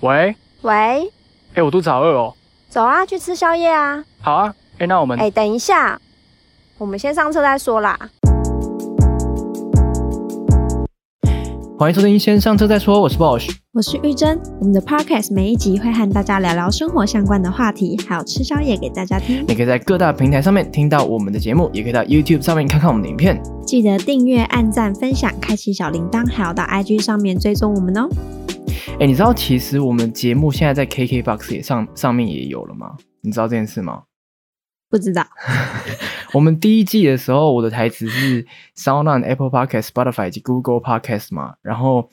喂喂，哎、欸，我肚子好餓哦，走啊，去吃宵夜啊！好啊，哎、欸，那我們哎、欸，等一下，我們先上車再說啦。歡迎收聽《先上車再說》，我是 Bosh，我是毓貞。我們的 Podcast 每一集會和大家聊聊生活相關的話題，還有吃宵夜給大家聽。你可以在各大平台上面聽到我們的節目，也可以到 YouTube 上面看看我們的影片。記得訂閱、按讚、分享、開啟小鈴鐺，還要到 IG 上面追蹤我們哦。哎、欸，你知道其實我們節目現在在 KKBOX 也上上面也有了嗎？你知道這件事嗎？不知道。 我們第一季的時候，我的台詞是 Sound on Apple Podcast、Spotify 以及 Google Podcast 嘛。然後，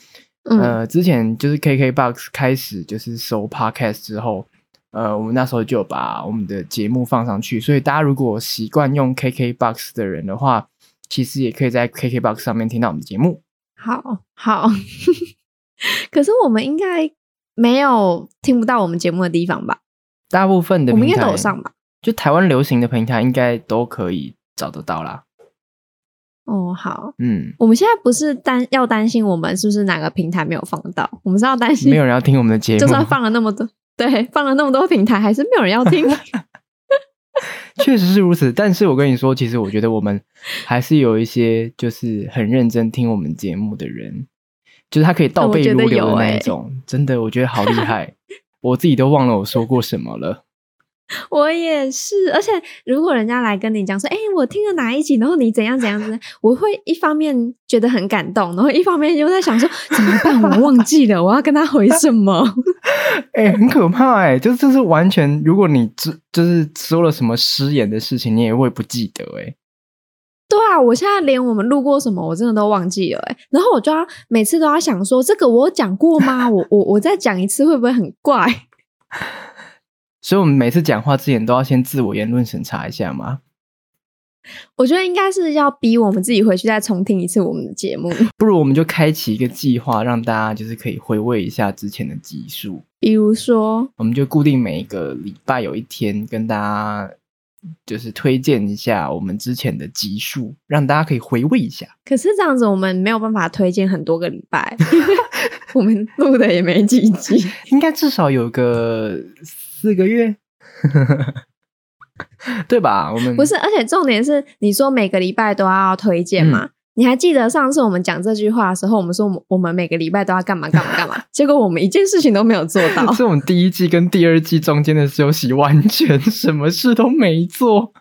呃，嗯、之前就是 KKBOX 開始就是收 Podcast 之後，呃，我們那時候就把我們的節目放上去。所以大家如果習慣用 KKBOX 的人的話，其實也可以在 KKBOX 上面聽到我們的節目。好，好。 可是我們應該沒有聽不到我們節目的地方吧？大部分的平台我們應該都有上吧，就台灣流行的平台應該都可以找得到啦。哦，好，嗯，我們現在不是擔要擔心我們是不是哪個平台沒有放到，我們是要擔心沒有人要聽我們的節目，就算放了那麼多，對，放了那麼多平台還是沒有人要聽嗎？確 實是如此，但是我跟你說，其實我覺得我們還是有一些就是很認真聽我們節目的人。就是他可以倒背如流的那種、嗯欸，真的，我覺得好厲害， 我自己都忘了我說過什麼了。我也是，而且如果人家來跟你講說，哎、欸，我聽了哪一集，然後你怎樣怎樣子，我會一方面覺得很感動，然後一方面又在想說怎麼辦，我忘記了， 我要跟他回什麼？哎、 欸，很可怕哎、欸，就就是完全，如果你只就是說了什麼失言的事情，你也會不記得哎、欸。對啊，我現在連我們錄過什麼我真的都忘記了哎、欸，然後我就要每次都要想說，這個我有講過嗎？ 我我我再講一次會不會很怪？所以我們每次講話之前都要先自我言論審查一下嗎？我覺得應該是要逼我們自己回去再重聽一次我們的節目。不如我們就開啟一個計劃，讓大家就是可以回味一下之前的集數。比如說，我們就固定每一個禮拜有一天跟大家。就是推薦一下我們之前的集數，讓大家可以回味一下。可是這樣子，我們沒有辦法推薦很多個禮拜， 我們錄的也沒幾集， 應該至少有個四個月， 對吧？我們不是，而且重點是，你說每個禮拜都要推薦嘛？嗯你還記得上次我們講這句話的時候，我們說我們，我們每個禮拜都要幹嘛幹嘛幹嘛，結果我們一件事情都沒有做到。是 我們第一季跟第二季中間的休息，完全什麼事都沒做。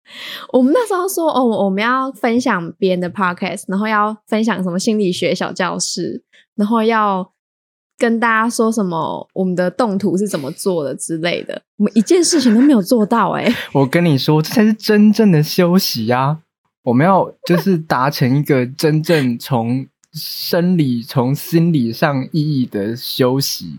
我們那時候說哦，我們要分享別人的 podcast，然後要分享什麼心理學小教室，然後要跟大家說什麼我們的動圖是怎麼做的之類的，我們一件事情都沒有做到，欸。哎， 我跟你說，這才是真正的休息啊！我們要就是達成一個真正從生理，從心理上意義的休息。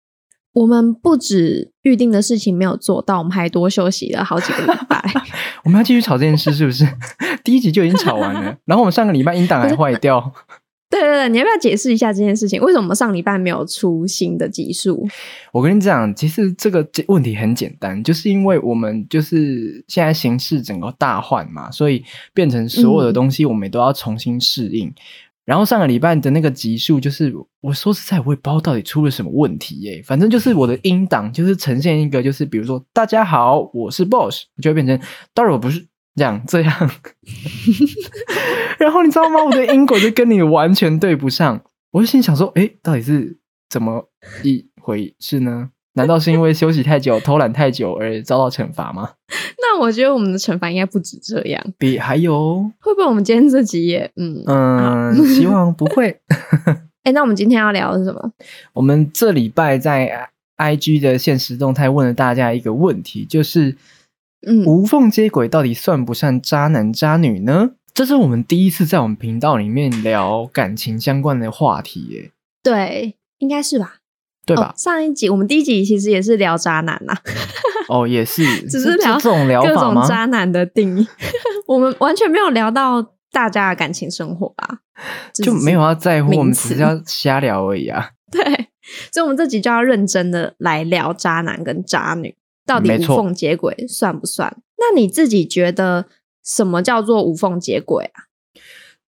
我們不止預定的事情沒有做到，我們還多休息了好幾個禮拜。 我們要繼續吵這件事是不是？ 第一集就已經吵完了，然後我們上個禮拜音檔還壞掉。 對對對，你要不要解釋一下這件事情？為什麼上禮拜沒有出新的集數？我跟你講，其實這個問題很簡單，就是因為我們就是現在形式，整個大換嘛，所以變成所有的東西我們都要重新適應、嗯。然後上個禮拜的那個集數，就是我說實在，我也不知道到底出了什麼問題耶、欸。反正就是我的音檔就是呈現一個，就是比如說大家好，我是 Bosh，就會變成當然我不是。講這樣，這樣 然後你知道嗎？我的因果就跟你完全對不上。我就心想說，誒、欸、到底是怎麼一回事呢？難道是因為休息太久、 偷懶太久而遭到懲罰嗎？那我覺得我們的懲罰應該不止這樣。比還有，會不會我們今天這集也……嗯嗯、啊，希望不會。誒、 欸、那我們今天要聊的是什麼？我們這禮拜在 IG 的限時動態問了大家一個問題，就是。嗯，無縫接軌到底算不算渣男渣女呢？這是我們第一次在我們頻道裡面聊感情相關的話題耶、欸。對，應該是吧？對吧？哦、上一集我們第一集其實也是聊渣男吶、啊嗯。哦，也是， 只是聊，這是這種聊各種渣男的定義。 我們完全沒有聊到大家的感情生活啊，就沒有要在乎，我們只是要瞎聊而已啊。 對，所以，我們這集就要認真的來聊渣男跟渣女。到底無縫接軌算不算？那你自己覺得什麼叫做無縫接軌啊？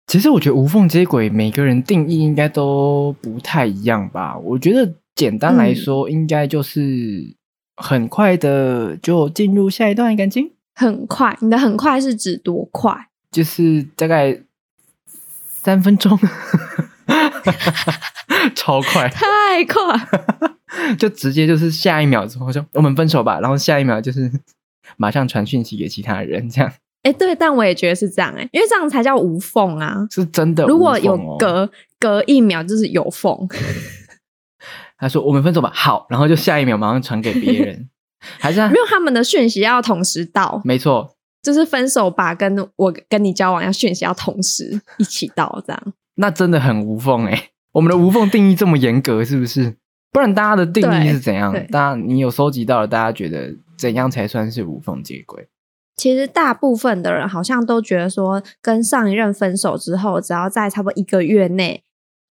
其實我覺得無縫接軌每個人定義應該都不太一樣吧。我覺得簡單來說，應該就是很快的就進入下一段感情。嗯，很快，你的“很快”是指多快？就是大概三分鐘。 超快，太快， 就直接就是下一秒之後就我們分手吧，然後下一秒就是馬上傳訊息給其他人這樣。哎、欸，對，但我也覺得是這樣哎、欸，因為這樣才叫無縫啊，是真的、哦。如果有隔隔一秒，就是有縫。他 說我們分手吧，好，然後就下一秒馬上傳給別人， 還是沒、啊、有他們的訊息要同時到？沒錯，就是分手吧，跟我跟你交往要訊息要同時一起到這樣。那真的很無縫欸，我們的無縫定義這麼嚴格，是不是？ 不然大家的定義是怎樣？大家你有收集到了？大家覺得怎樣才算是無縫接軌？其實大部分的人好像都覺得說，跟上一任分手之後，只要在差不多一個月內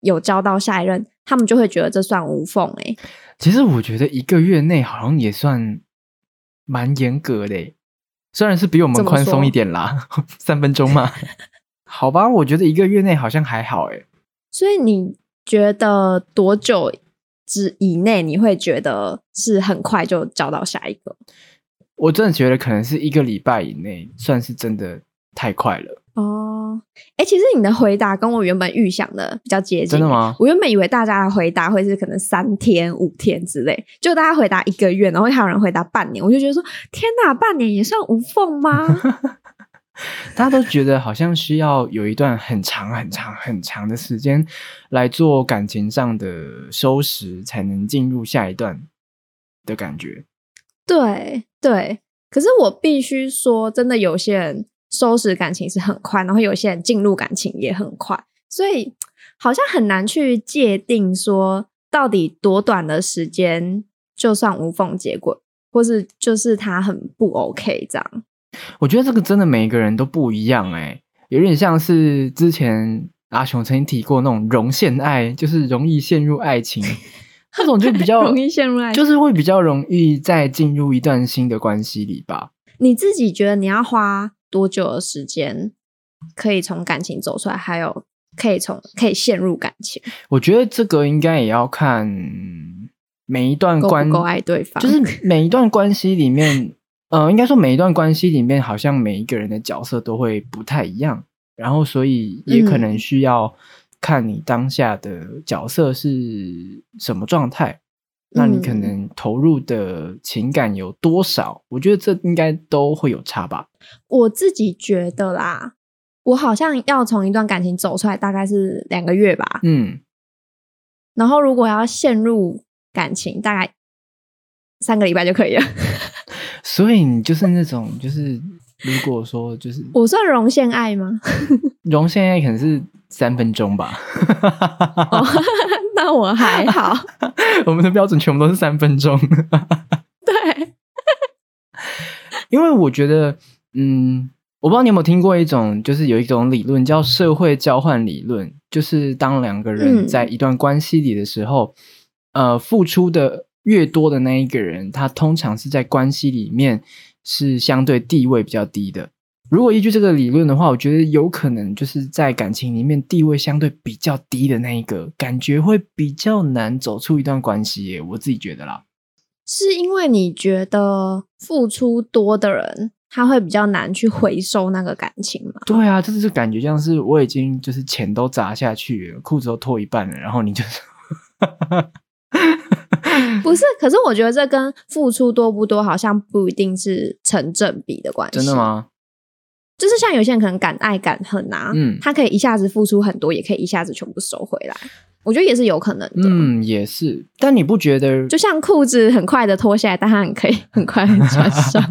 有交到下一任，他們就會覺得這算無縫欸。其實我覺得一個月內好像也算蠻嚴格的欸，雖然是比我們寬鬆一點啦， 三分鐘嘛。 好吧，我覺得一個月內好像還好哎、欸，所以你覺得多久之以內你會覺得是很快就找到下一個？我真的覺得可能是一個禮拜以內，算是真的太快了哦。哎、欸，其實你的回答跟我原本預想的比較接近。真的嗎？我原本以為大家的回答會是可能三天、五天之類，就大家回答一個月，然後還有人回答半年，我就覺得說天哪，半年也算無縫嗎？ 大家都覺得好像需要有一段很長很長很長的時間來做感情上的收拾，才能進入下一段的感覺。 對對，可是我必須說，真的有些人收拾感情是很快，然後有些人進入感情也很快，所以好像很難去界定說到底多短的時間就算無縫接軌，或是就是他很不 OK 這樣。我覺得這個真的每一個人都不一樣哎、欸，有點像是之前阿雄曾經提過那種容陷愛，就是容易陷入愛情，那 種就比較容易陷入愛情，就是會比較容易再進入一段新的關係裡吧。你自己覺得你要花多久的時間可以從感情走出來，還有可以從可以陷入感情？ 我覺得這個應該也要看每一段關，夠不夠愛對方，就是每一段關係裡面。 呃，應該說每一段關係裡面，好像每一個人的角色都會不太一樣，然後所以也可能需要看你當下的角色是什麼狀態，嗯，那你可能投入的情感有多少？嗯，我覺得這應該都會有差吧。我自己覺得啦，我好像要從一段感情走出來大概是兩個月吧，嗯，然後如果要陷入感情，大概三個禮拜就可以了。 所以你就是那種， 就是如果說就是，我算容現愛嗎？容 現愛可能是三分鐘吧。 oh, 那我還好。 我們的標準全部都是三分鐘。 對。 因為我覺得，嗯，我不知道你有沒有聽過一種，就是有一種理論叫社會交換理論，就是當兩個人在一段關係裡的時候，嗯、呃，付出的。越多的那一個人，他通常是在關係裡面是相對地位比較低的。如果依據這個理論的話，我覺得有可能就是在感情裡面地位相對比較低的那一個，感覺會比較難走出一段關係。我自己覺得啦，是因為你覺得付出多的人，他會比較難去回收那個感情嗎？ 對啊，就是感覺像是我已經就是錢都砸下去了，褲子都脫一半了，然後你就。 不是，可是我覺得這跟付出多不多好像不一定是成正比的關係。真的嗎？就是像有些人可能敢愛敢恨啊，嗯，他可以一下子付出很多，也可以一下子全部收回來。我覺得也是有可能的，嗯，也是。但你不覺得，就像褲子很快的脫下來，但他可以很快的穿上。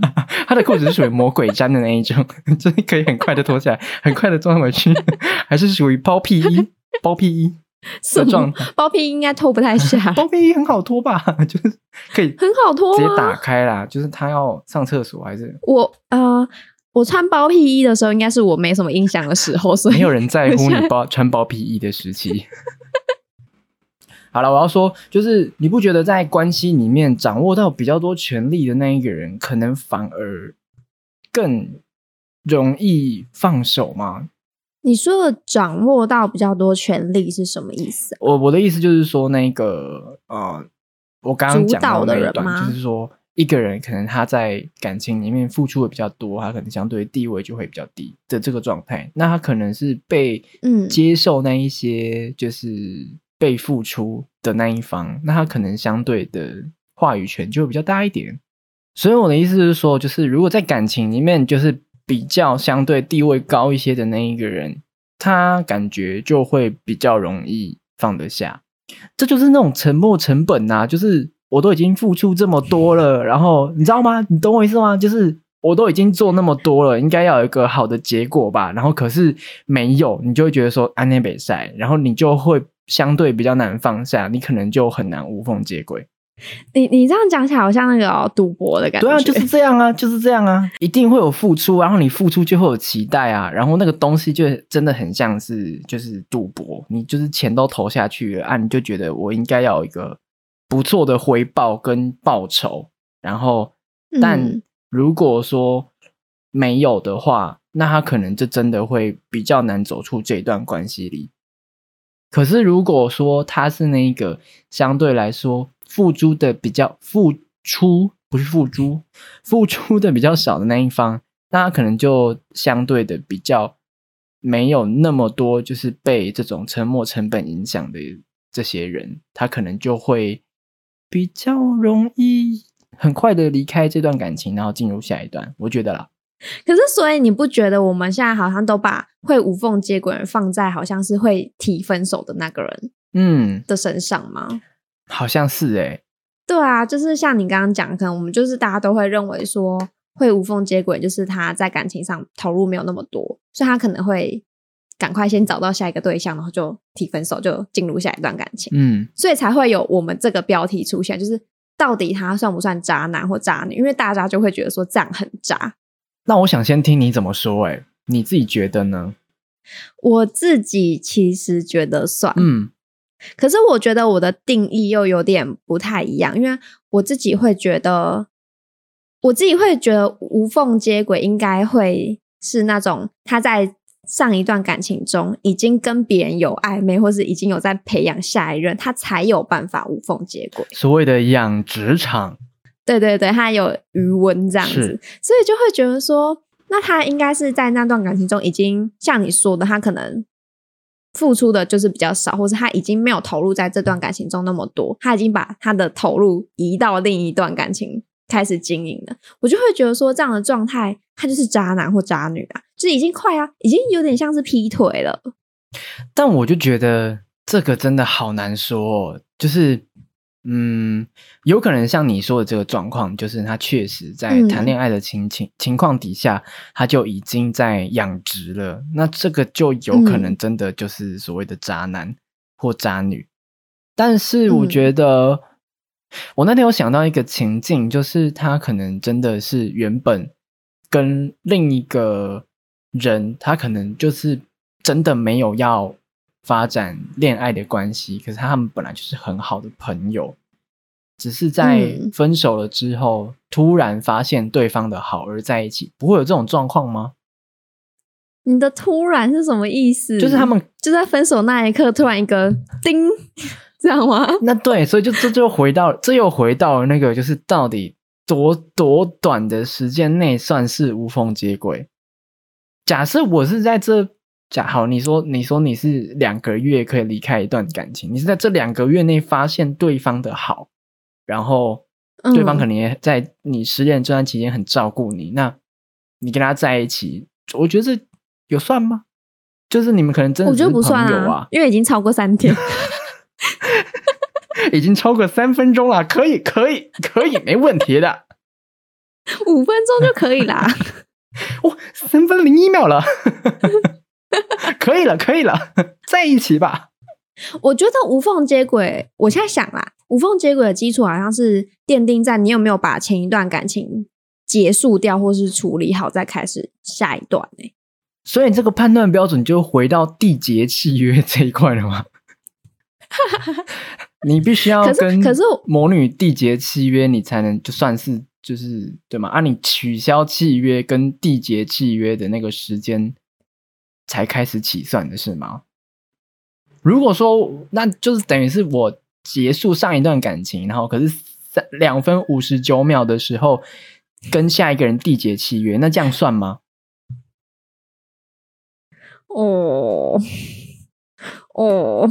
他的褲子是屬於魔鬼粘的那一種，就是可以很快的脫 下來，很快的穿回去， 還是屬於包屁衣，包屁衣。什麼包屁衣應該脫不太下， 包屁衣很好脫吧， 就是可以很好脫，啊，直接打開啦。就是他要上廁所還是我？呃，我穿包屁衣的時候，應該是我沒什麼印象的時候，所以 沒有人在乎你包穿包屁衣的時期。 好了，我要說，就是你不覺得在關係裡面掌握到比較多權力的那一個人，可能反而更容易放手嗎？你說的掌握到比較多權力是什麼意思啊？我我的意思就是說，那個呃，我剛剛講到那一段，主導的人嗎？，就是說，一個人可能他在感情裡面付出的比較多，他可能相對地位就會比較低的這個狀態。那他可能是被嗯接受那一些，就是被付出的那一方，嗯。那他可能相對的話語權就會比較大一點。所以我的意思就是說，就是如果在感情裡面，就是。比較相對地位高一些的那一個人，他感覺就會比較容易放得下。這就是那種沉沒成本啊，就是我都已經付出這麼多了，然後你知道嗎？你懂我意思嗎？就是我都已經做那麼多了，應該要有一個好的結果吧。然後可是沒有，你就會覺得說安內北塞，然後你就會相對比較難放下，你可能就很難無縫接軌。你你這樣講起來好像那個哦、賭博的感覺，對啊，就是這樣啊，就是這樣啊，一定會有付出，然後你付出就會有期待啊，然後那個東西就真的很像是就是賭博，你就是錢都投下去了啊，你就覺得我應該要有一個不錯的回報跟報酬，然後但如果說沒有的話、嗯，那他可能就真的會比較難走出這一段關係裡。可是，如果說他是那一個相對來說付出的比較付出不是付出付出的比較少的那一方，那他可能就相對的比較沒有那麼多，就是被這種沉沒成本影響的這些人，他可能就會比較容易很快的離開這段感情，然後進入下一段。我覺得啦。可是，所以你不覺得我們現在好像都把會無縫接軌放在好像是會提分手的那個人，嗯，的身上嗎？嗯、好像是誒、欸。對啊，就是像你剛剛講，可能我們就是大家都會認為說會無縫接軌，就是他在感情上投入沒有那麼多，所以他可能會趕快先找到下一個對象，然後就提分手，就進入下一段感情，嗯，所以才會有我們這個標題出現，就是到底他算不算渣男或渣女？因為大家就會覺得說這樣很渣。那我想先聽你怎麼說，欸，哎，你自己覺得呢？我自己其實覺得算，嗯，可是我覺得我的定義又有點不太一樣，因為我自己會覺得，我自己會覺得無縫接軌應該會是那種他在上一段感情中已經跟別人有曖昧，或是已經有在培養下一任，他才有辦法無縫接軌。所謂的養殖場。對對對，他有餘溫這樣子，所以就會覺得說，那他應該是在那段感情中已經像你說的，他可能付出的就是比較少，或是他已經沒有投入在這段感情中那麼多，他已經把他的投入移到另一段感情開始經營了。我就會覺得說，這樣的狀態，他就是渣男或渣女啊，就是已經快啊，已經有點像是劈腿了。但我就覺得這個真的好難說，就是。嗯，有可能像你說的這個狀況，就是他確實在談戀愛的情情、嗯、情況底下，他就已經在養殖了。那這個就有可能真的就是所謂的渣男或渣女。嗯、但是我覺得，嗯、我那天有想到一個情境，就是他可能真的是原本跟另一個人，他可能就是真的沒有要。發展戀愛的關係，可是他們本來就是很好的朋友，只是在分手了之後、嗯，突然發現對方的好而在一起，不會有這種狀況嗎？你的突然是什麼意思？就是他們就在分手那一刻，突然一個叮，知 道嗎？那對，所以就這，就回到這，又回到了那個，就是到底多多短的時間內算是無縫接軌？假設我是在這。假好，你說你說你是兩個月可以離開一段感情，你是在這兩個月內發現對方的好，然後對方可能也在你失戀這段期間很照顧你、嗯，那你跟他在一起，我覺得這有算嗎？就是你們可能真的、啊，我覺得不算啊，因為已經超過三天， 已經超過三分鐘了，可以可以可以，沒問題的，五分鐘就可以啦， 哇，三分零一秒了。 可以了，可以了，在一起吧。我覺得無縫接軌，我現在想啦，無縫接軌的基礎好像是奠定在你有沒有把前一段感情結束掉，或是處理好，再開始下一段欸。所以這個判斷標準就回到締結契約這一塊了嗎？ 你必須要跟可是魔女締結契約，你才能就算是就是對嗎？啊，你取消契約跟締結契約的那個時間。才開始起算的是嗎？如果說，那就是等於是我結束上一段感情，然後可是兩分五十九秒的時候跟下一個人締結契約，那這樣算嗎？哦哦，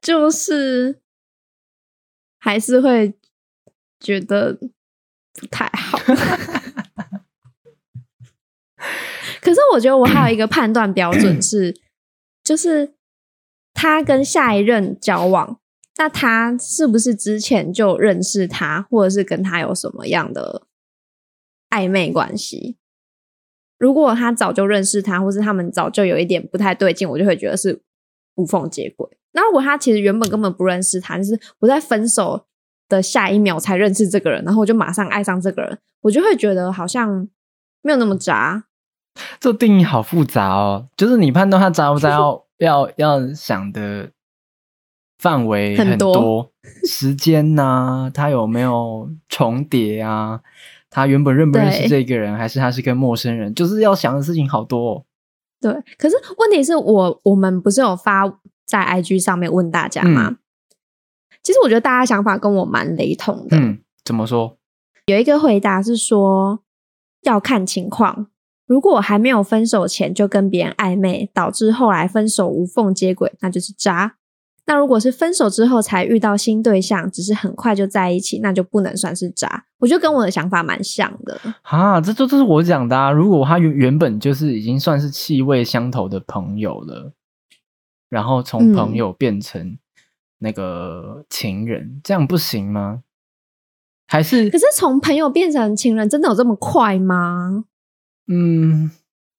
就是還是會覺得不太好。 可是我覺得我還有一個判斷標準是， 就是他跟下一任交往，那他是不是之前就認識他，或者是跟他有什麼樣的曖昧關係？如果他早就認識他，或是他們早就有一點不太對勁，我就會覺得是無縫接軌。那如果他其實原本根本不認識他，就是我在分手的下一秒才認識這個人，然後我就馬上愛上這個人，我就會覺得好像沒有那麼渣。這定義好複雜哦，就是你判斷他渣不渣、就是，要要要想的範圍很多，很多時間吶、啊，他有沒有重疊啊？他原本認不認識這個人，還是他是個陌生人？就是要想的事情好多、哦。對，可是問題是我我們不是有發在 IG 上面問大家嗎、嗯？其實我覺得大家想法跟我蠻雷同的。嗯，怎麼說？有一個回答是說要看情況。如果我還沒有分手前就跟別人曖昧，導致後來分手無縫接軌，那就是渣。那如果是分手之後才遇到新對象，只是很快就在一起，那就不能算是渣。我覺得跟我的想法蠻像的哈、啊，這就是我講的啊。如果他原原本就是已經算是氣味相投的朋友了，然後從朋友變成那個情人，嗯、情人，這樣不行嗎？還是可是從朋友變成情人，真的有這麼快嗎？嗯，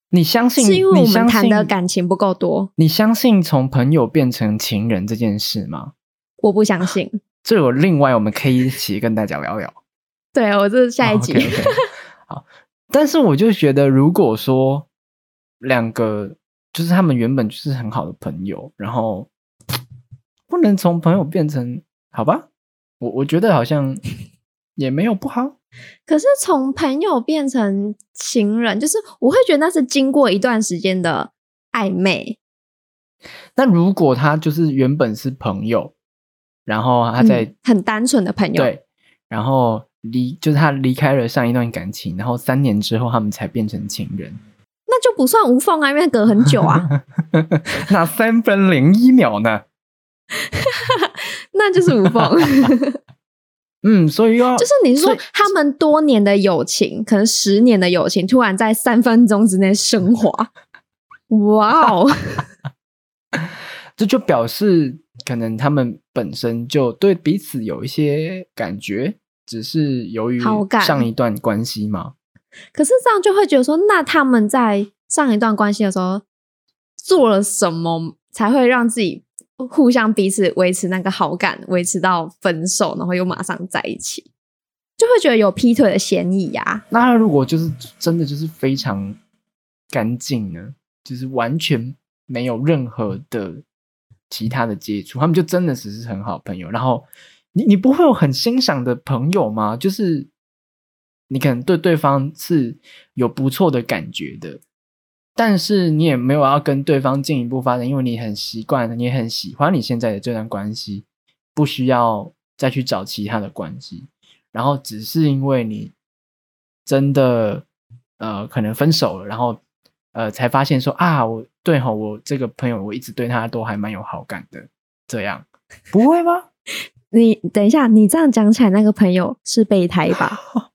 你相信是因為我們談的感情不夠多？你相信從朋友變成情人這件事嗎？我不相信。這有另外，我們可以一起跟大家聊聊。 對，我這是下一集。Oh, okay, okay. 好，但是我就覺得，如果說兩個就是他們原本就是很好的朋友，然後不能從朋友變成好吧？我我覺得好像也沒有不好。可是從朋友變成情人，就是我會覺得那是經過一段時間的曖昧。那如果他就是原本是朋友，然後他在、嗯、很單純的朋友，對，然後離就是他離開了上一段感情，然後三年之後他們才變成情人，那就不算無縫啊，因為隔很久啊。 那三分零一秒呢？ 那就是無縫。 嗯，所以要、啊，就是你說他們多年的友情，可能十年的友情，突然在三分鐘之內升華，哇、wow！ 這就表示可能他們本身就對彼此有一些感覺，只是由於上一段關係嘛，好感。可是這樣就會覺得說，那他們在上一段關係的時候做了什麼，才會讓自己？互相彼此維持那個好感，維持到分手，然後又馬上在一起，就會覺得有劈腿的嫌疑呀、啊。那如果就是真的就是非常乾淨呢，就是完全沒有任何的其他的接觸，他們就真的只是很好朋友。然後你你不會有很欣賞的朋友嗎？就是你可能對對方是有不錯的感覺的。但是你也沒有要跟對方進一步發展，因為你很習慣，你也很喜歡你現在的這段關係，不需要再去找其他的關係。然後只是因為你真的呃可能分手了，然後呃才發現說啊，我對哈、哦、我這個朋友我一直對他都還蠻有好感的，這樣 不會嗎？你等一下，你這樣講起來，那個朋友是備胎吧？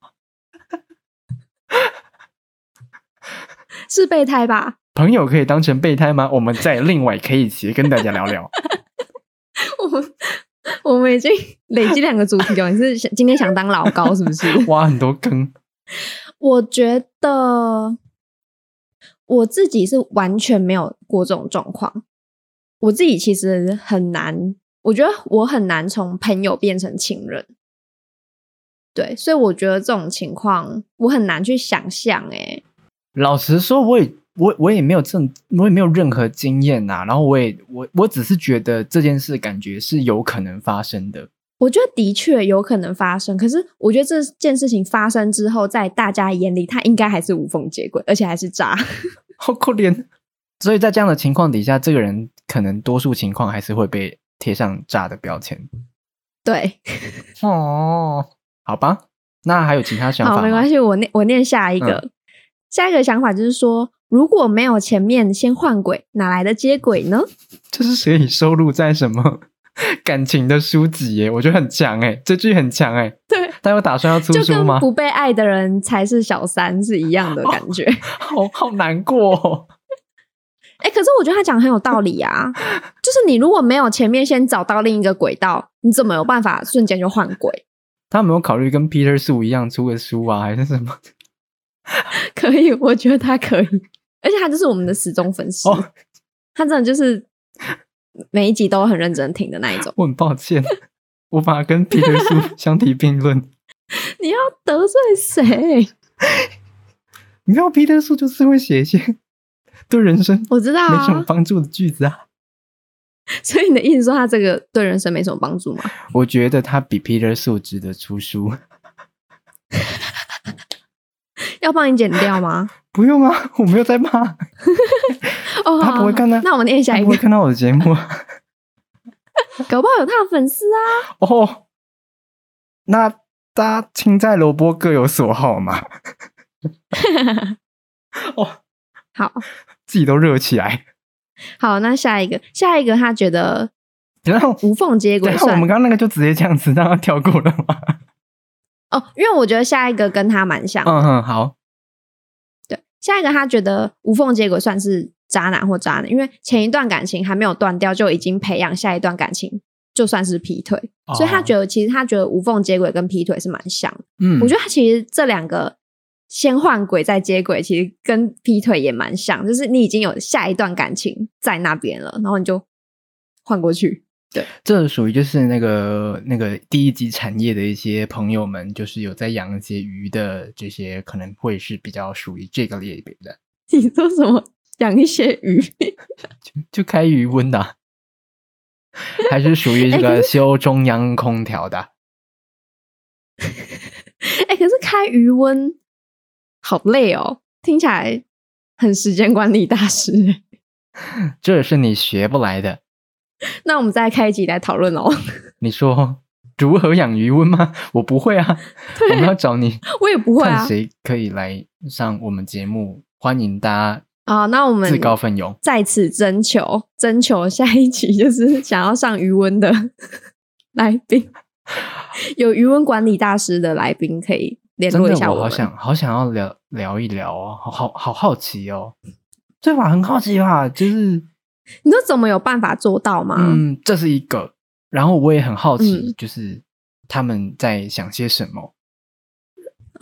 是備胎吧？朋友可以當成備胎嗎？我們再另外可以一起跟大家聊聊。 我們我們已經累積兩個主題了，你 是今天想當老高是不是？挖很多坑。我覺得我自己是完全沒有過這種狀況。我自己其實很難，我覺得我很難從朋友變成情人。對，所以我覺得這種情況我很難去想象。哎。老實說，我也我我也沒有證，我也沒有任何經驗吶、啊。然後我也我我只是覺得這件事感覺是有可能發生的。我覺得的確有可能發生，可是我覺得這件事情發生之後，在大家眼裡，他應該還是無縫接軌，而且還是渣，好可憐。所以在這樣的情況底下，這個人可能多數情況還是會被貼上渣的標籤。對，哦，好吧，那還有其他想法？好，沒關係，我念我念下一個。嗯下一個想法就是說，如果沒有前面先換軌，哪來的接軌呢？這，就是誰？你收錄在什麼感情的書籍耶？耶，我覺得很強耶，這句很強哎。對。他又打算要出書，就跟不被愛的人才是小三，是一樣的感覺。哦，好，好難過，哦。哎、 欸，可是我覺得他講的很有道理啊。 就是你如果沒有前面先找到另一個軌道，你怎麼有辦法瞬間就換軌？他有沒有考慮跟 Peter 叔一樣出個書啊，還是什麼？ 可以，我覺得他可以，而且他就是我們的死忠粉絲。他真的就是每一集都很認真聽的那一種。我很抱歉，我把他跟皮特叔相提並論， 你要得罪誰？你知道，皮特叔就是會寫一些對人生我知道沒什麼幫助的句子啊。啊所以你的意思說他這個對人生沒什麼幫助嗎？我覺得他比皮特叔值得出書。幫你剪掉嗎？不用啊，我沒有在罵 、哦。他不會看的，那我們念下一個，他不會看到我的節目啊。 搞不好有他的粉絲啊。哦，那大家青菜蘿蔔各有所好嘛。 哦，好，自己都熱起來。好，那下一個，下一個他覺得然後無縫接軌，算我們剛剛那個就直接這樣子讓他跳過了嗎？ 哦，因為我覺得下一個跟他蠻像。嗯嗯，好。下一個，他覺得無縫接軌算是渣男或渣女，因為前一段感情還沒有斷掉，就已經培養下一段感情，就算是劈腿。哦。所以他覺得，其實他覺得無縫接軌跟劈腿是蠻像的。嗯，我覺得他其實這兩個先換軌再接軌，其實跟劈腿也蠻像，就是你已經有下一段感情在那邊了，然後你就換過去。對，這屬於就是那個那個第一級產業的一些朋友們，就是有在養一些魚的這些，可能會是比較屬於這個類別的。的你說什麼？養一些魚？ 就，就開魚塭的、啊，還是屬於這個修中央空調的？哎、 欸可 欸，可是開魚塭好累哦，聽起來很時間管理大師。這是你學不來的。那我們再開一集來討論哦、嗯。你說如何養魚塭嗎？我不會啊。 對，我們要找你，我也不會啊。看誰可以來上我們節目？歡迎大家啊！那我們自告奮勇，再次徵求徵求下一集，就是想要上魚塭的來賓， 有魚塭管理大師的來賓可以聯絡一下我。我好想好想要聊聊一聊哦，好好,好好奇哦，對吧？很好奇啊，就是。你說怎麼有辦法做到嗎？嗯，這是一個。然後我也很好奇，嗯、就是他們在想些什麼。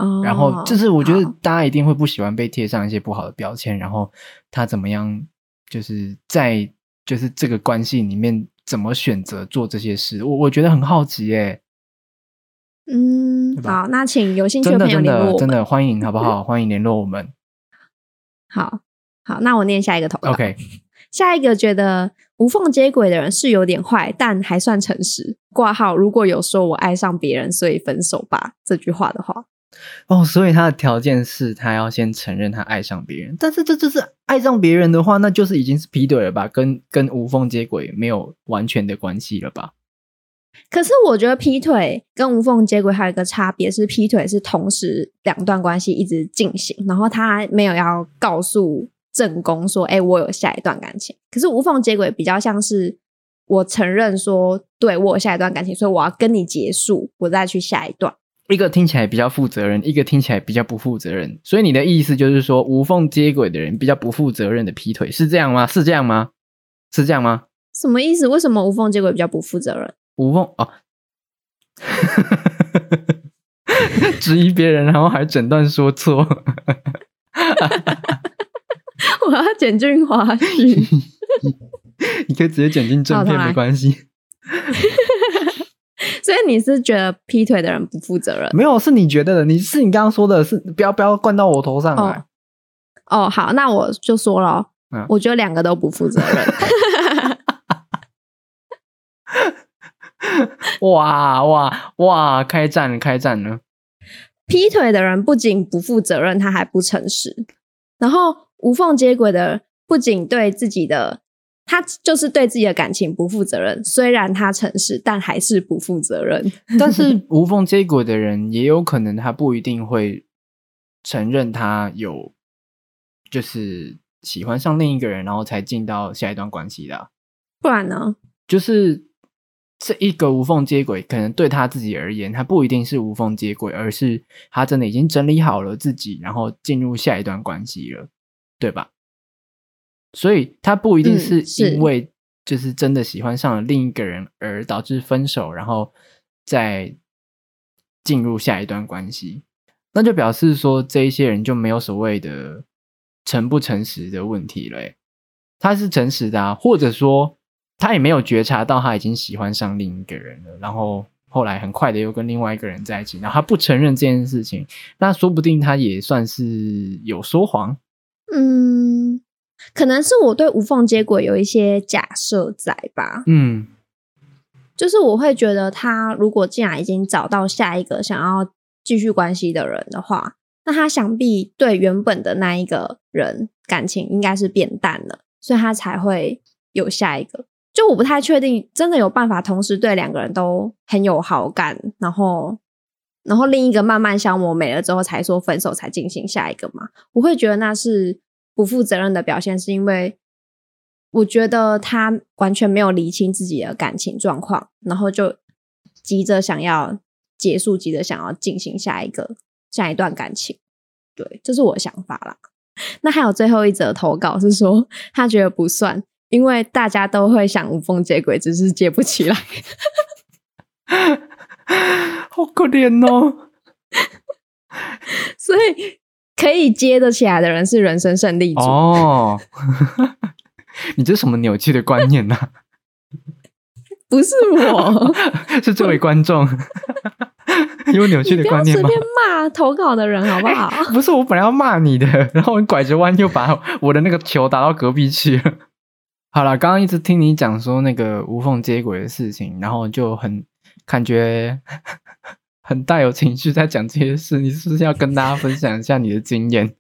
哦。然後就是，我覺得大家一定會不喜歡被貼上一些不好的標籤。然後他怎麼樣？就是在就是這個關係裡面，怎麼選擇做這些事？我我覺得很好奇耶。嗯，好，那請有興趣的朋友，真的真的，真的，真的歡迎，好不好、嗯？歡迎聯絡我們。好好，那我念下一個投稿。OK。下一個覺得無縫接軌的人是有點壞，但還算誠實。掛號，如果有說“我愛上別人，所以分手吧”這句話的話，哦，所以他的條件是他要先承認他愛上別人，但是這就是愛上別人的話，那就是已經是劈腿了吧？跟跟無縫接軌沒有完全的關係了吧？可是我覺得劈腿跟無縫接軌還有一個差別是，劈腿是同時兩段關係一直進行，然後他沒有要告訴，正宮說：“哎、欸，我有下一段感情。”可是無縫接軌比較像是我承認說：“對，我有下一段感情，所以我要跟你結束，我再去下一段。”一個聽起來比較負責任，一個聽起來比較不負責任。所以你的意思就是說，無縫接軌的人比較不負責任的劈腿是這樣嗎？是這樣嗎？是這樣嗎？什麼意思？為什麼無縫接軌比較不負責任？無縫哦，質 疑別人，然後還整段說錯。 我要剪進花絮，你可以直接剪進正片，沒關係。 所以你是覺得劈腿的人不負責任？沒有，是你覺得的。你是你剛剛說的是，是不要不要灌到我頭上來。哦，哦好，那我就說了、啊，我覺得兩個都不負責任 哇。哇哇哇！開戰，開戰了！劈腿的人不僅不負責任，他還不誠實。然後。無縫接軌的不僅對自己的，他就是對自己的感情不負責任，雖然他誠實，但還是不負責任。 但是無縫接軌的人也有可能他不一定會承認他有就是喜歡上另一個人，然後才進到下一段關係的啊。不然呢？就是這一個無縫接軌，可能對他自己而言，他不一定是無縫接軌，而是他真的已經整理好了自己，然後進入下一段關係了。對吧？所以他不一定是因為就是真的喜歡上了另一個人而導致分手，嗯、然後再進入下一段關係，那就表示說這一些人就沒有所謂的誠不誠實的問題了。他是誠實的啊，或者說他也沒有覺察到他已經喜歡上另一個人了，然後後來很快的又跟另外一個人在一起，然後他不承認這件事情，那說不定他也算是有說謊。嗯，可能是我對無縫接軌有一些假設在吧。嗯，就是我會覺得他如果既然已經找到下一個想要繼續關係的人的話，那他想必對原本的那一個人感情應該是變淡了，所以他才會有下一個。就我不太確定，真的有辦法同時對兩個人都很有好感，然後。然後另一個慢慢消磨沒了之後，才說分手，才進行下一個嘛？我會覺得那是不負責任的表現，是因為我覺得他完全沒有理清自己的感情狀況，然後就急着想要結束，急着想要進行下一個下一段感情。對，這是我的想法啦。那還有最後一則的投稿是說，他覺得不算，因為大家都會想無縫接軌，只是接不起來。 好可憐哦， 所以可以接得起來的人是人生勝利者哦。 你這是什麼扭曲的觀念呢，啊？ 不是我， 是這位觀眾有扭曲的觀念嗎？不要隨便罵投稿的人，好不好，欸？不是我本來要罵你的，然後你拐着彎就把我的那個球打到隔壁去了。 好了，剛剛一直聽你講說那個無縫接軌的事情，然後就很。感覺很帶有情緒，在講這些事，你是不是要跟大家分享一下你的經驗？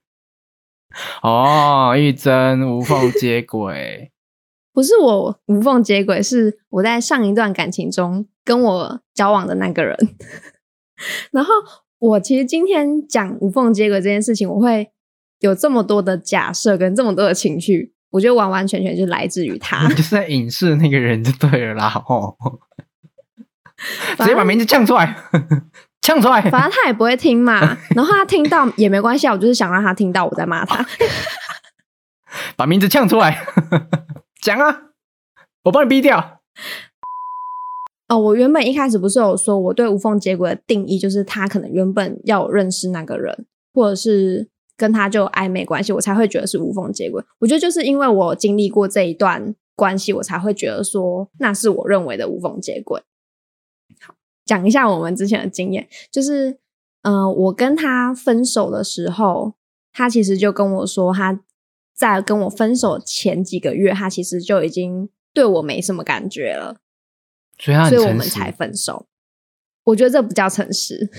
哦，毓貞無縫接軌， 不是我無縫接軌，是我在上一段感情中跟我交往的那個人。 然後我其實今天講無縫接軌這件事情，我會有這麼多的假設跟這麼多的情緒，我覺得完完全全就來自於他，你就是在影視那個人就對了啦。哦直接把名字嗆出來，嗆 出來。反正他也不會聽嘛，然後他聽到也沒關係。我就是想讓他聽到我在罵他 ，好笑把名字嗆出來，講啊，我幫你嗶掉。哦，我原本一開始不是有說我對無縫接軌的定義，就是他可能原本要認識那個人，或者是跟他就曖昧關係，我才會覺得是無縫接軌。我覺得就是因為我經歷過這一段關係，我才會覺得說那是我認為的無縫接軌。好，講一下我們之前的經驗，就是，呃，我跟他分手的時候，他其實就跟我說，他在跟我分手前幾個月，他其實就已經對我沒什麼感覺了，所以，所以我們才分手。我覺得這不叫誠實。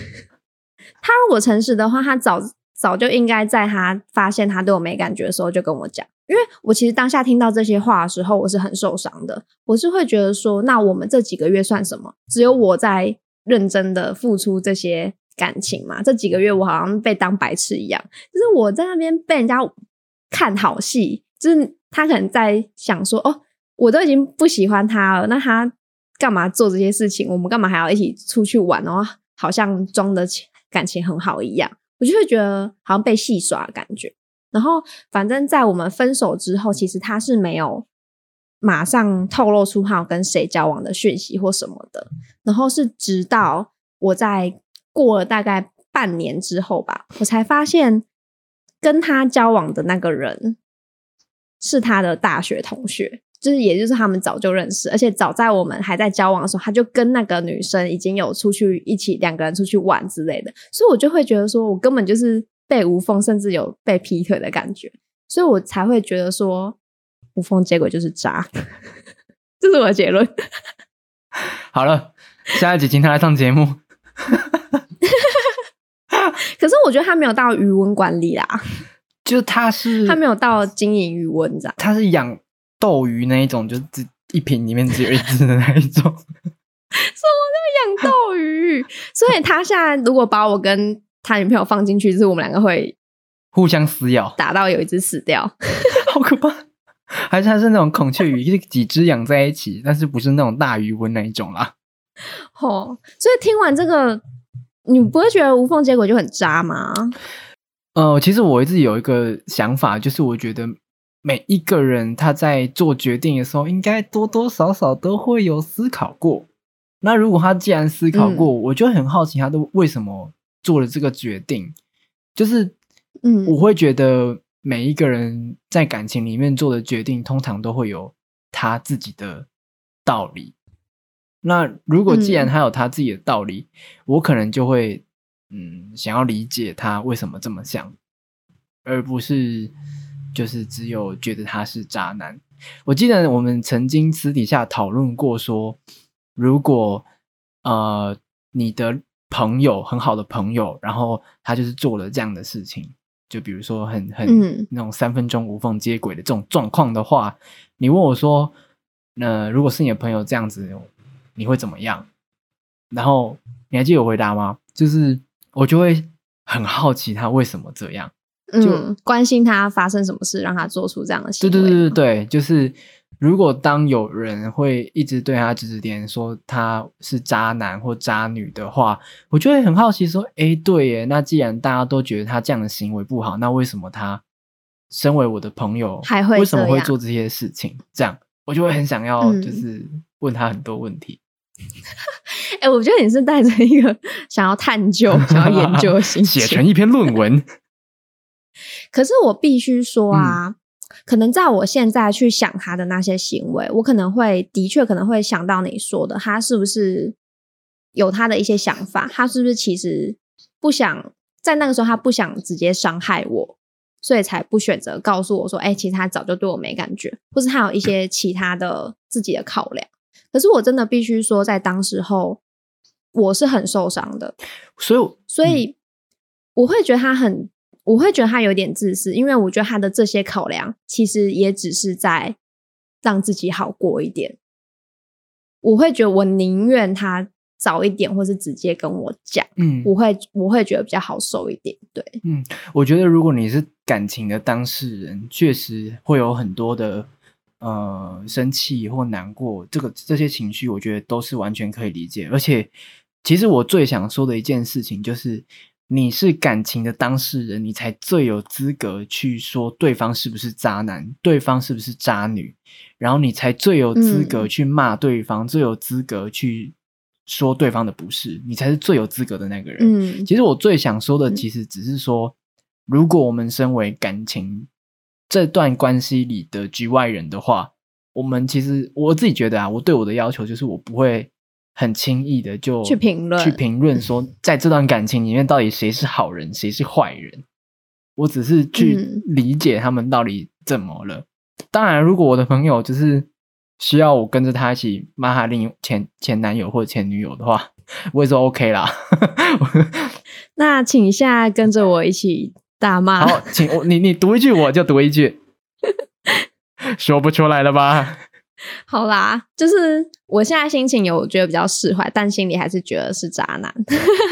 他如果誠實的話，他早早就應該在他發現他對我沒感覺的時候就跟我講。因為我其實當下聽到這些話的時候，我是很受傷的。我是會覺得說，那我們這幾個月算什麼？只有我在認真的付出這些感情嘛？這幾個月我好像被當白痴一樣，就是我在那邊被人家看好戲，就是他可能在想說，哦，我都已經不喜歡他了，那他幹嘛做這些事情？我們幹嘛還要一起出去玩？哦，好像裝的感情很好一樣，我就會覺得好像被戲耍的感覺。然後，反正在我們分手之後，其實他是沒有馬上透露出他跟誰交往的訊息或什麼的。然後是直到我在過了大概半年之後吧，我才發現跟他交往的那個人是他的大學同學，就是也就是他們早就認識，而且早在我們還在交往的時候，他就跟那個女生已經有出去一起兩個人出去玩之類的，所以我就會覺得說，我根本就是。被無縫，甚至有被劈腿的感覺，所以我才會覺得說，無縫結果就是渣， 這是我的結論。 好了，下一集請他來上節目。 可是我覺得他沒有到魚塭管理啊，就他是他沒有到經營魚塭長，他是養鬥魚那一種，就是一瓶裡面只有一隻的那一種。什麼叫養鬥魚？所以他現在如果把我跟他女朋友放進去，就是我們兩個會互相撕咬，打到有一隻死掉， 好可怕！還是他是那種孔雀魚，就是幾隻養在一起，但是不是那種大魚紋那一種啦？哦，所以聽完這個，你不會覺得無縫接軌就很渣嗎？呃，其實我一直有一個想法，就是我覺得每一個人他在做決定的時候，應該多多少少都會有思考過。那如果他既然思考過，嗯、我就很好奇，他都為什麼？做了這個決定，就是，嗯，我會覺得每一個人在感情裡面做的決定，通常都會有他自己的道理。那如果既然他有他自己的道理，嗯，我可能就會，嗯，想要理解他為什麼這麼想，而不是就是只有覺得他是渣男。我記得我們曾經私底下討論過，說如果，呃、你的。朋友，很好的朋友，然後他就是做了這樣的事情，就比如說很很、嗯、那種三分鐘無縫接軌的這種狀況的話，你問我說，那、呃、如果是你的朋友這樣子，你會怎麼樣？然後你還記得我回答嗎？就是我就會很好奇他為什麼這樣，就、嗯、關心他發生什麼事，讓他做出這樣的事情。對對對對，對，對、哦，就是。如果當有人會一直對他指指點說他是渣男或渣女的話，我就會很好奇說，哎，對耶，那既然大家都覺得他這樣的行為不好，那為什麼他身為我的朋友，還會為什麼會做這些事情？這樣我就會很想要，就是問他很多問題。哎、嗯 欸，我覺得你是帶着一個想要探究、想要研究的心情，寫 成一篇論文。 可是我必須說啊。嗯可能在我現在去想他的那些行為，我可能會的確可能會想到你說的，他是不是有他的一些想法？他是不是其實不想在那個時候，他不想直接傷害我，所以才不選擇告訴我說，哎、欸，其實他早就對我沒感覺，或是他有一些其他的自己的考量。可是我真的必須說，在當時候我是很受傷的，所以所以我會覺得他很。我會覺得他有點自私，因為我覺得他的這些考量其實也只是在讓自己好過一點。我會覺得我寧願他早一點，或是直接跟我講，嗯，我會我會覺得比較好受一點。對，嗯，我覺得如果你是感情的當事人，確實會有很多的呃，生氣或難過，這個這些情緒，我覺得都是完全可以理解。而且，其實我最想說的一件事情就是。你是感情的當事人，你才最有資格去說對方是不是渣男，對方是不是渣女，然後你才最有資格去罵對方，嗯，最有資格去說對方的不是，你才是最有資格的那個人。嗯，其實我最想說的，其實只是說，如果我們身為感情這段關係裡的局外人的話，我們其實我自己覺得啊，我對我的要求就是我不會。很輕易的就去評論，去評論說，在這段感情裡面到底誰是好人，誰是壞人？我只是去理解他們到底怎麼了。嗯、當然，如果我的朋友就是需要我跟着他一起罵他另前前男友或者前女友的話，我也說 OK 啦。 那請下跟着我一起大罵。好，請我你你讀一句，我就讀一句。 說不出來了吧？好啦，就是我現在心情有覺得比較釋懷，但心裡還是覺得是渣男。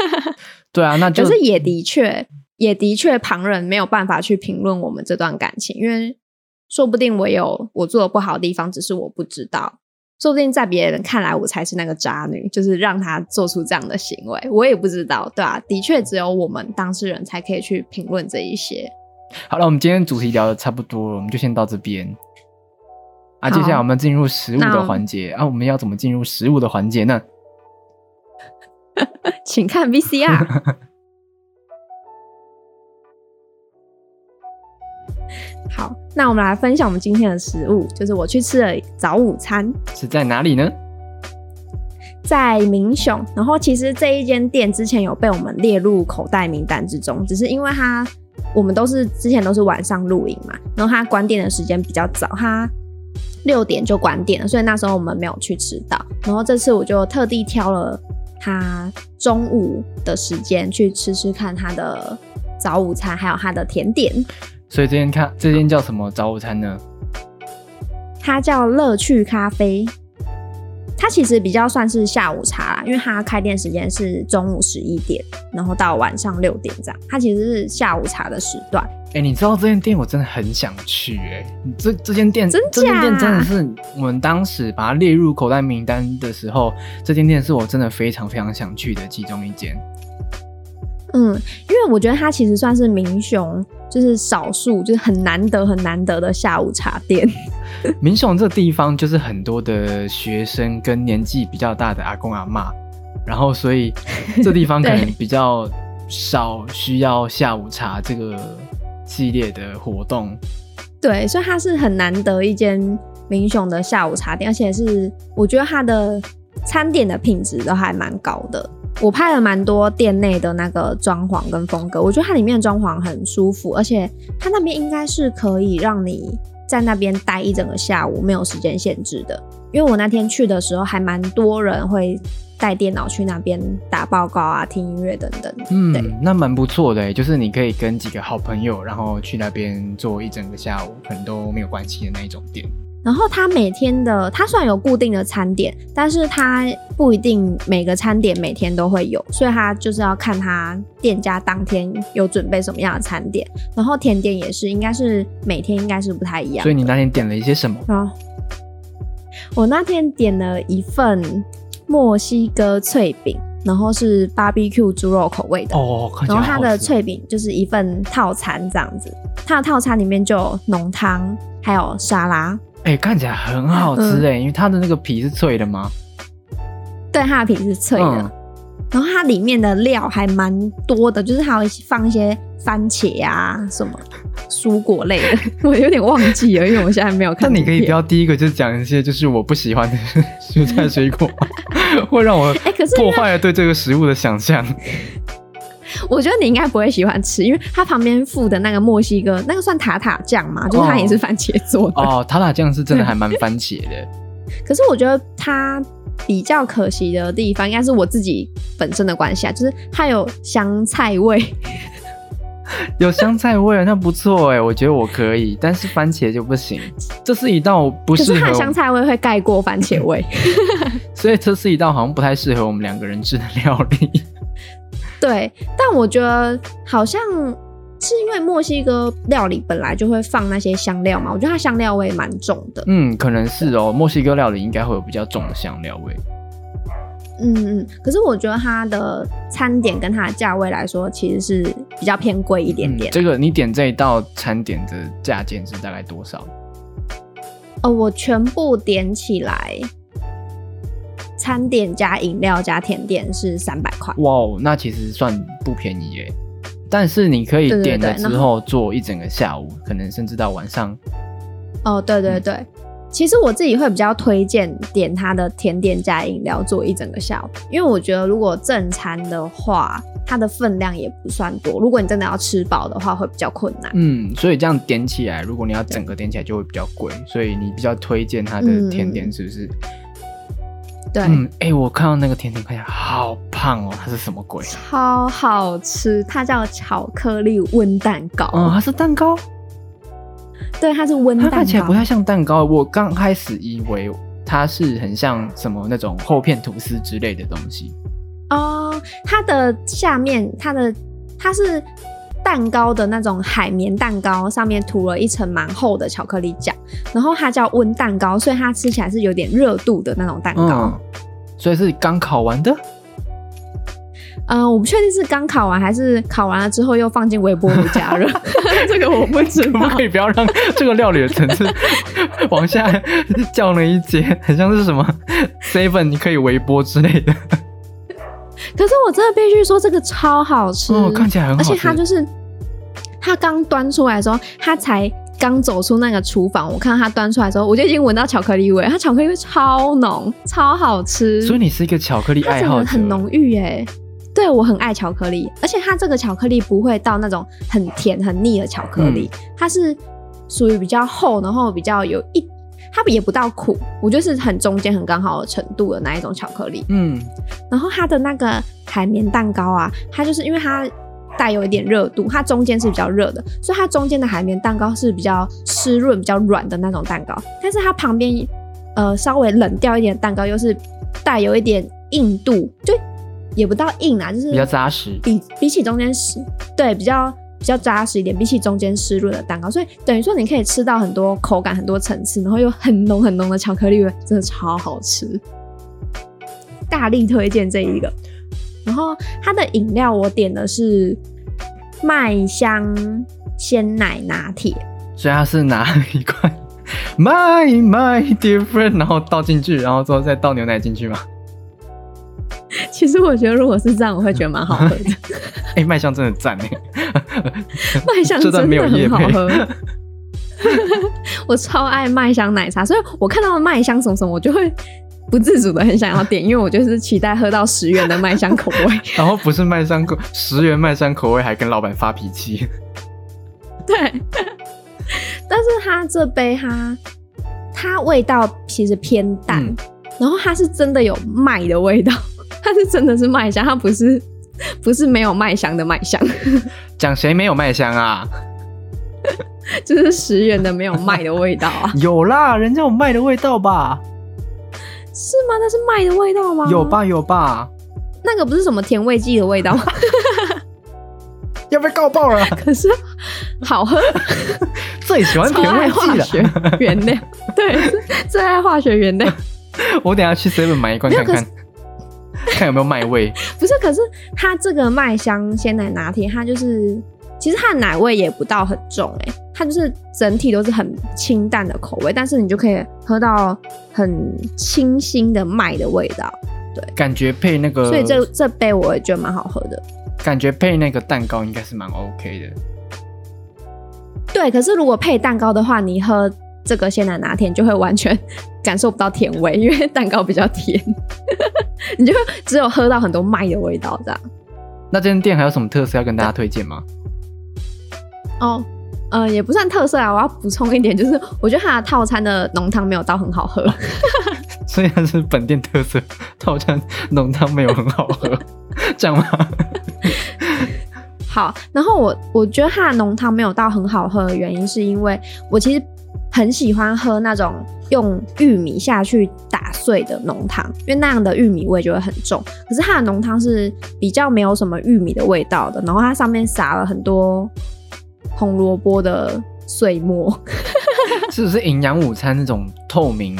對啊，那就。可是也的確，也的確，旁人沒有辦法去評論我們這段感情，因為說不定我有我做的不好的地方，只是我不知道。說不定在別人看來，我才是那個渣女，就是讓他做出這樣的行為，我也不知道，對啊，的確，只有我們當事人才可以去評論這一些。好了，我們今天主題聊得差不多了，我們就先到這邊。啊，接下來我們進入食物的環節啊，我們要怎麼進入食物的環節呢？ 請看 VCR。 好，那我們來分享我們今天的食物，就是我去吃了早午餐，是在哪裡呢？在明雄，然後其實這一間店之前有被我們列入口袋名單之中，只是因為它，我們都是之前都是晚上錄影嘛，然後它關店的時間比較早，它。六點就關店了，所以那時候我們沒有去吃到。然後這次我就特地挑了他中午的時間去吃吃看他的早午餐，還有他的甜點。所以這間看，這間叫什麼早午餐呢？它、嗯、叫樂趣咖啡。它其實比較算是下午茶啦，因為它開店時間是中午十一點，然後到晚上六點這樣，它其實是下午茶的時段。哎、欸，你知道這間店，我真的很想去、欸。哎，這這間店，真這間店真的是我們當時把它列入口袋名單的時候，這間店是我真的非常非常想去的其中一間。嗯，因為我覺得它其實算是民雄，就是少數，就是很難得很難得的下午茶店。 民雄這地方就是很多的學生跟年紀比較大的阿公阿媽，然後所以這地方可能比較少需要下午茶這個系列的活動，對，所以它是很難得一間民雄的下午茶店，而且是我覺得它的餐點的品質都還蠻高的。我拍了蠻多店內的那個裝潢跟風格，我覺得它裡面的裝潢很舒服，而且它那邊應該是可以讓你在那邊待一整個下午，沒有時間限制的。因為我那天去的時候還蠻多人會。帶電腦去那邊打報告啊，聽音樂等等，對。嗯，那蠻不錯的，就是你可以跟幾個好朋友，然後去那邊坐一整個下午，可能都沒有關係的那一種店。然後他每天的，他雖然有固定的餐點，但是他不一定每個餐點每天都會有，所以他就是要看他店家當天有準備什麼樣的餐點。然後甜點也是，應該是每天應該是不太一樣。所以你那天點了一些什麼？啊，oh，我那天點了一份。墨西哥脆餅，然後是 BBQ 豬肉口味的哦，看起來好好吃，然後它的脆餅就是一份套餐這樣子，它的套餐裡面就有濃湯，還有沙拉。哎、欸，看起來很好吃誒、欸嗯，因為它的那個皮是脆的嗎？對，它的皮是脆的。嗯然後它裡面的料還蠻多的，就是還會放一些番茄啊什麼蔬果類的， 我有點忘記了，因為我現在沒有看。那你可以不要第一個，就講一些就是我不喜歡的蔬菜 水果， 會讓我破壞了對這個食物的想象、欸。我覺得你應該不會喜歡吃，因為它旁邊附的那個墨西哥那個算塔塔醬嘛，就是它也是番茄做的哦,哦。塔塔醬是真的還蠻番茄的， 可是我覺得它。比較可惜的地方應該是我自己本身的關係啊，就是它有香菜味， 有香菜味，那不錯哎、欸，我覺得我可以， 但是番茄就不行。這是一道不是它香菜味會蓋過番茄味， 所以這是一道好像不太適合我們兩個人吃的料理。 對，但我覺得好像。是因為墨西哥料理本來就會放那些香料嘛，我覺得它香料味蠻重的。嗯，可能是哦，墨西哥料理應該會有比較重的香料味。嗯嗯，可是我覺得它的餐點跟它的價位來說，其實是比較偏貴一點點。嗯，這個你點這一道餐點的價錢是大概多少？哦，我全部點起來，餐點加飲料加甜點是三百塊。哇哦，那其實算不便宜耶。但是你可以點了之後坐一整個下午，對對對，可能甚至到晚上。哦，對對對，嗯、其實我自己會比較推薦點它的甜點加飲料坐一整個下午，因為我覺得如果正餐的話，它的分量也不算多。如果你真的要吃飽的話，會比較困難。嗯，所以這樣點起來，如果你要整個點起來就會比較貴，所以你比較推薦它的甜點，是不是？嗯對，嗯，哎、欸，我看到那個甜甜，看起來好胖哦，它是什麼鬼？超好吃，它叫巧克力溫蛋糕。哦、嗯，它是蛋糕？對，它是溫蛋糕。它看起來不太像蛋糕，我剛開始以為它是很像什麼那種厚片吐司之類的東西。哦，它的下面，它的它是。蛋糕的那種海綿蛋糕，上面塗了一層蠻厚的巧克力醬，然後它叫溫蛋糕，所以它吃起來是有點熱度的那種蛋糕。嗯、所以是剛烤完的。嗯、呃，我不確定是剛烤完還是烤完了之後又放進微波爐加熱。 這個我不知道，不可以不要讓這個料理的層次往下降了一截？很像是什麼 seven 你可以微波之類的。可是我真的必須說，這個超好吃，哦、看起來很好吃，而且它就是，它剛端出來的時候，它才剛走出那個廚房，我看它端出來的時候，我就已經聞到巧克力味，它巧克力味超濃，超好吃。所以你是一個巧克力愛好者，很濃郁耶、欸。對，我很愛巧克力，而且它這個巧克力不會到那種很甜很膩的巧克力，嗯、它是屬於比較厚，然後比較有一。它也不到苦，我覺得是很中間很剛好的程度的那一種巧克力。嗯，然後它的那個海綿蛋糕啊，它就是因為它帶有一點熱度，它中間是比較熱的，所以它中間的海綿蛋糕是比較濕潤、比較軟的那種蛋糕。但是它旁邊，呃，稍微冷掉一點蛋糕又是帶有一點硬度，就也不到硬啊，就是比，比較紮實。比比起中間是，對，比較。比較紮實一點，比起中間濕潤的蛋糕，所以等於說你可以吃到很多口感、很多層次，然後又很濃很濃的巧克力味，真的超好吃，大力推薦這一個。然後它的飲料我點的是麥香鮮奶拿鐵，所以它是拿一罐 My My different，然後倒進去，然後之後再倒牛奶進去嘛。其實我覺得，如果是這樣，我會覺得蠻好喝的。哎、欸，麥香真的讚誒！麥 香真的沒有很好喝。 我超愛麥香奶茶，所以我看到麥香什麼什麼，我就會不自主的很想要點，因為我就是期待喝到十元的麥香口味。 然後不是麥香口，十元麥香口味還跟老板發脾氣。對，但是他這杯哈，它味道其實偏淡，嗯、然後它是真的有麥的味道。但是真的是麥香，它不是，不是沒有麥香的麥香。講誰沒有麥香啊？ 就是十元的沒有麥的味道啊。 有啦，人家有麥的味道吧？是嗎？那是麥的味道嗎？有吧，有吧。那個不是什麼甜味劑的味道嗎？ 要被告爆了。可是好喝。 最喜歡甜味劑的 原料對，最愛化學原料。 我等下去 seven 買一罐看看。 看有沒有麥味， 不是，可是它這個麥香鮮奶拿鐵，它就是其實它的奶味也不到很重誒、欸，它就是整體都是很清淡的口味，但是你就可以喝到很清新的麥的味道，對，感覺配那個，所以這這杯我也覺得蠻好喝的，感覺配那個蛋糕應該是蠻 OK 的，對，可是如果配蛋糕的話，你喝。這個鮮奶拿鐵就會完全感受不到甜味，因為蛋糕比較甜， 你就只有喝到很多麥的味道這樣。那這間店還有什麼特色要跟大家推薦嗎、啊？哦，呃，也不算特色啊。我要補充一點，就是我覺得它的套餐的濃湯沒有到很好喝 、啊。雖然是本店特色，套餐濃湯沒有很好喝， 這樣嗎？好，然後我我覺得它的濃湯沒有到很好喝的原因，是因為我其實。很喜歡喝那種用玉米下去打碎的濃湯，因為那樣的玉米味就會很重。可是它的濃湯是比較沒有什麼玉米的味道的，然後它上面撒了很多紅蘿蔔的碎末。是不是營養午餐那種透明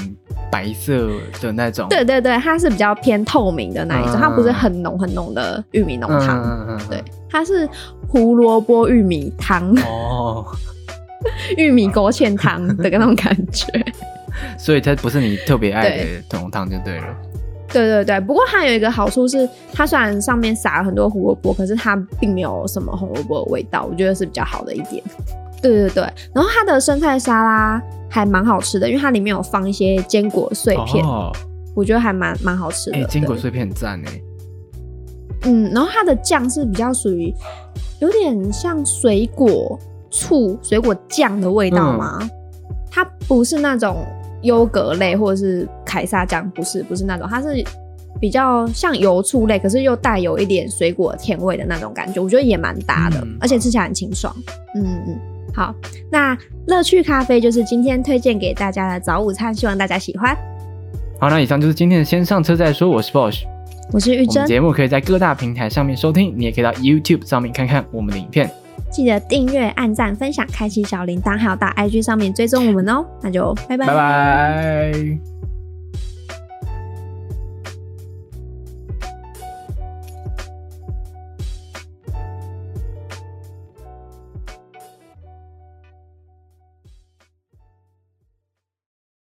白色的那種？ 對對對，它是比較偏透明的那一種，嗯，它不是很濃很濃的玉米濃湯，嗯嗯嗯。對，它是胡蘿蔔玉米湯。哦。 玉米勾芡湯的那種感覺， 所以它不是你特別愛的湯就對了。對對對，不過它有一個好處是，它雖然上面撒了很多胡蘿蔔，可是它並沒有什麼胡蘿蔔的味道，我覺得是比較好的一點。對對對，然後它的生菜沙拉還蠻好吃的，因為它裡面有放一些堅果碎片哦哦，我覺得還蠻蠻好吃的。欸、堅果碎片很贊呢？嗯，然後它的醬是比較屬於有點像水果。醋水果醬的味道嗎、嗯？它不是那種優格類，或者是凱撒醬，不是，不是那種，它是比較像油醋類，可是又帶有一點水果甜味的那種感覺，我覺得也蠻搭的、嗯，而且吃起來很清爽。嗯嗯，好，那樂趣咖啡就是今天推薦給大家的早午餐，希望大家喜歡。好，那以上就是今天的先上車再說。我是 Bosh。我是毓貞。我們節目可以在各大平台上面收聽，你也可以到 YouTube 上面看看我們的影片。記得訂閱、按贊、分享、開啟小鈴鐺、還有到 IG 上面追蹤我們哦。 那就拜拜。Bye bye。